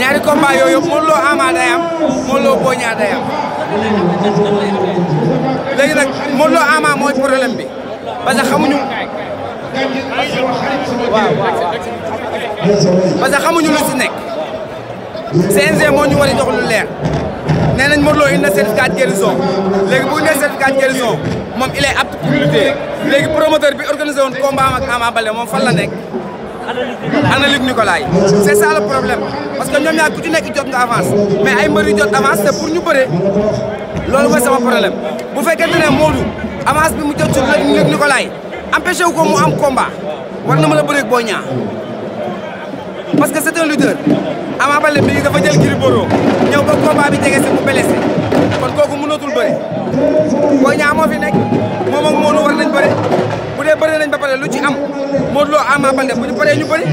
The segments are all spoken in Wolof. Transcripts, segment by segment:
ñaari combat yooyu yëpp Modou Lo Ama day am Modou Lo Boy Niang day am léegi nag Modou bi parce que xamuñu waaw parce xamuñu lu si nekk CNG moo ñu war a jox lu leer nee nañ Modou Lo indi na certificat de guérison léegi bu indee certificat de moom il est apte pour lutter bi organisé woon combat am moom fan la nekk. analyse Nicolas yi c'est ça le parce que ñoom ñaar ku ci nekk jot nga avance mais ay mbër yu jot avance c'est pour ñu bëree loolu mooy sama problème bu fekkente ne Modou avance bi mu jot ci Luc Nicolas yi empêché wu ko mu am combat war na mën a bëreeg Boy parce que c'est un lutteur Ama Baldé mi dafa jël Gris Bordeaux ñëw ba combat bi jege mu blessé kon kooku mënatul bëri Boy Niang moo fi nekk. Ama Balde bu ñu paree ñu bëri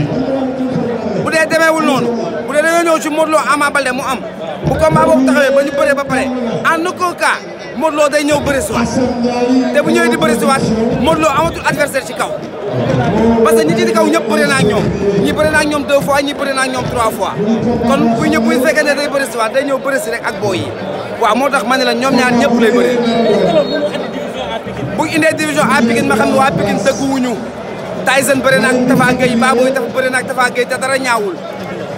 bu dee demeewul noonu bu dee dañoo ñëw ci loo Lo Ama Balde mu am bu combat boobu taxawee ba ñu bëree ba pare en ko cas Modou loo day ñëw bëri si waat te bu ñëwee di bëri si waat Modou Lo amatul adversaire ci kaw parce que ñi kaw ñëpp bëri na ak ñoom ñi bëri na ak ñoom deux fois ñi bëri naa ak ñoom trois fois kon bu ñëpp bu ñu fekkee ne day bëri si waat day ñëw bëri si rek ak booy yi waaw moo tax ma ne la ñoom ñaar ñëpp lay bëri bu indee division à Pikine ma xam ne waa Pikine dëgguwuñu Tyson bëri na ak Tafa Gueye Baboy bëri na ak Tafa Gueye te dara ñaawul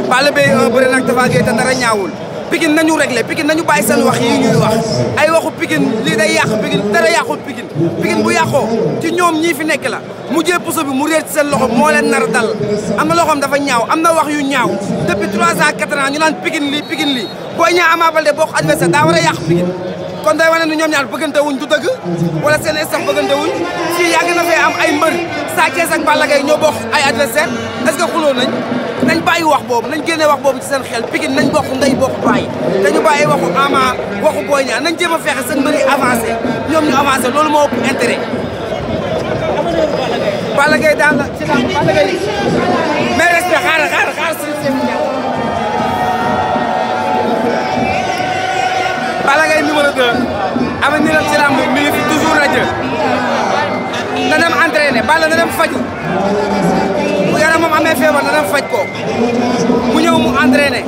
Balla Beye bëri na ak Tafa Gueye te dara ñaawul Pikine nañu réglé Pikine nañu bàyyi seen wax yi ñuy wax ay waxu Pikine lii day yàq Pikine dara yàqul Pikine Pikine bu yàqoo ci ñoom ñii fi nekk la mu jee puso bi mu réer ci seen loxo moo leen nar dal am na loxoom dafa ñaaw am na wax yu ñaaw depuis trois ans quatre ans ñu naan Pikine lii Pikine lii booy ñaa Ama Baldé bokk adversaire daa war a yàq Pikine kon day wane ne ñoom ñaar bëggante wuñ du dëgg wala seen staff bëggante wuñ fii yàgg na fee am ay mbër ak Balla Gaye ñoo bokk ay adversaire est-ce que xuloo nañ nañ bàyyi wax boobu nañ génnee wax boobu ci seen xel Pikine nañ bokk nday bokk bàyyi dañu bàyyi waxu Ama waxu Boy Niang nañ jéem a fexe seen mbir yi avancé ñoom ñu avancé loolu moo ëpp intérêt Balla Gaye daal la ci daal Balla Gaye mais respect xaaral xaaral xaaral si Balla Gaye numéro 2 am na ci lamb mi ngi fi toujours rajo Balla na dem faju bu yaramam amee feebar na dem faj ko mu ñëw mu entraîné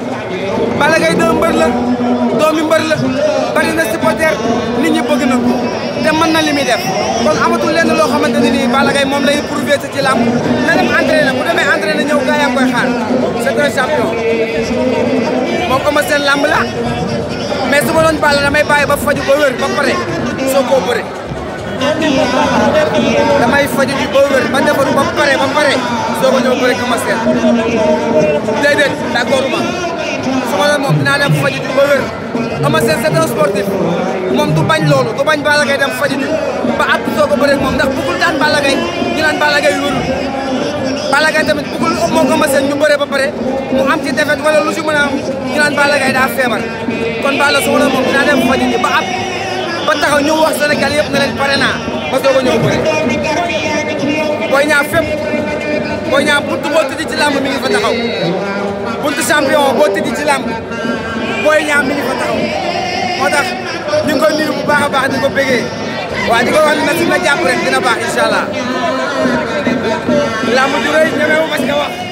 Balla Gaye doo mbër la doomi mbër la bari na supporter nit ñi bëgg na ko te na li muy def kon amatul loo xamante ne nii Balla Gaye moom lay prouvé ci ci làmb na dem entraîné bu demee entraîné ñëw gaa yaa koy xaar c'est un champion moom ama seen làmb la mais su ma doon Balla damay bàyyi ba faju ba wér ba pare soo koo bëre damay fajuti ba wér ba defar ba pare ba pare soo ko ñëw bëre ko masquer déedéet d' accord ma su ma moom dinaa dem fajuti ba wér ama seen c'est un sportif moom du bañ loolu du bañ Balla Gaye dem fajuti ba àpp soo ko bëre moom ndax bëggul daan Balla Gaye ñu naan Balla Gaye wérul Balla Gaye tamit bëggul moo ko masquer ñu bëre ba pare am ci defet wala lu si mën a am ñu Gaye daa feebar kon Balla su ma moom dinaa di fajuti ba taxaw ñu wax Sénégal yëpp pare naa ma soog a ñëw bëri Boy Niang fépp Boy Niang buntu boo ci làmb mi ngi fa taxaw buntu champion boo tëddi ci làmb Boy Niang mi ngi fa taxaw moo tax ñu ngi koy nuyu baax baax di ko bégee waaw di ko wax na si na jàpp rek baax incha allah làmb ju rëy ma si